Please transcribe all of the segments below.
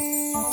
Música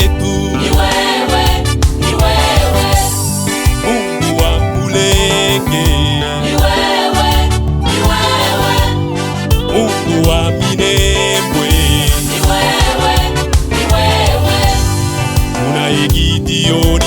yetu ni wewe, ni wewe Mungu wa Muleke, ni wewe, ni wewe Mungu wa Minembwe, ni wewe, ni wewe Una Gideon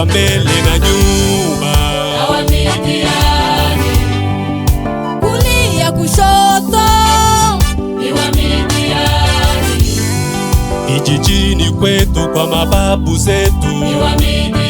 wa mbele na nyuma, kulia kushoto, niwaambie kijijini kwetu kwa mababu zetu, niwaambie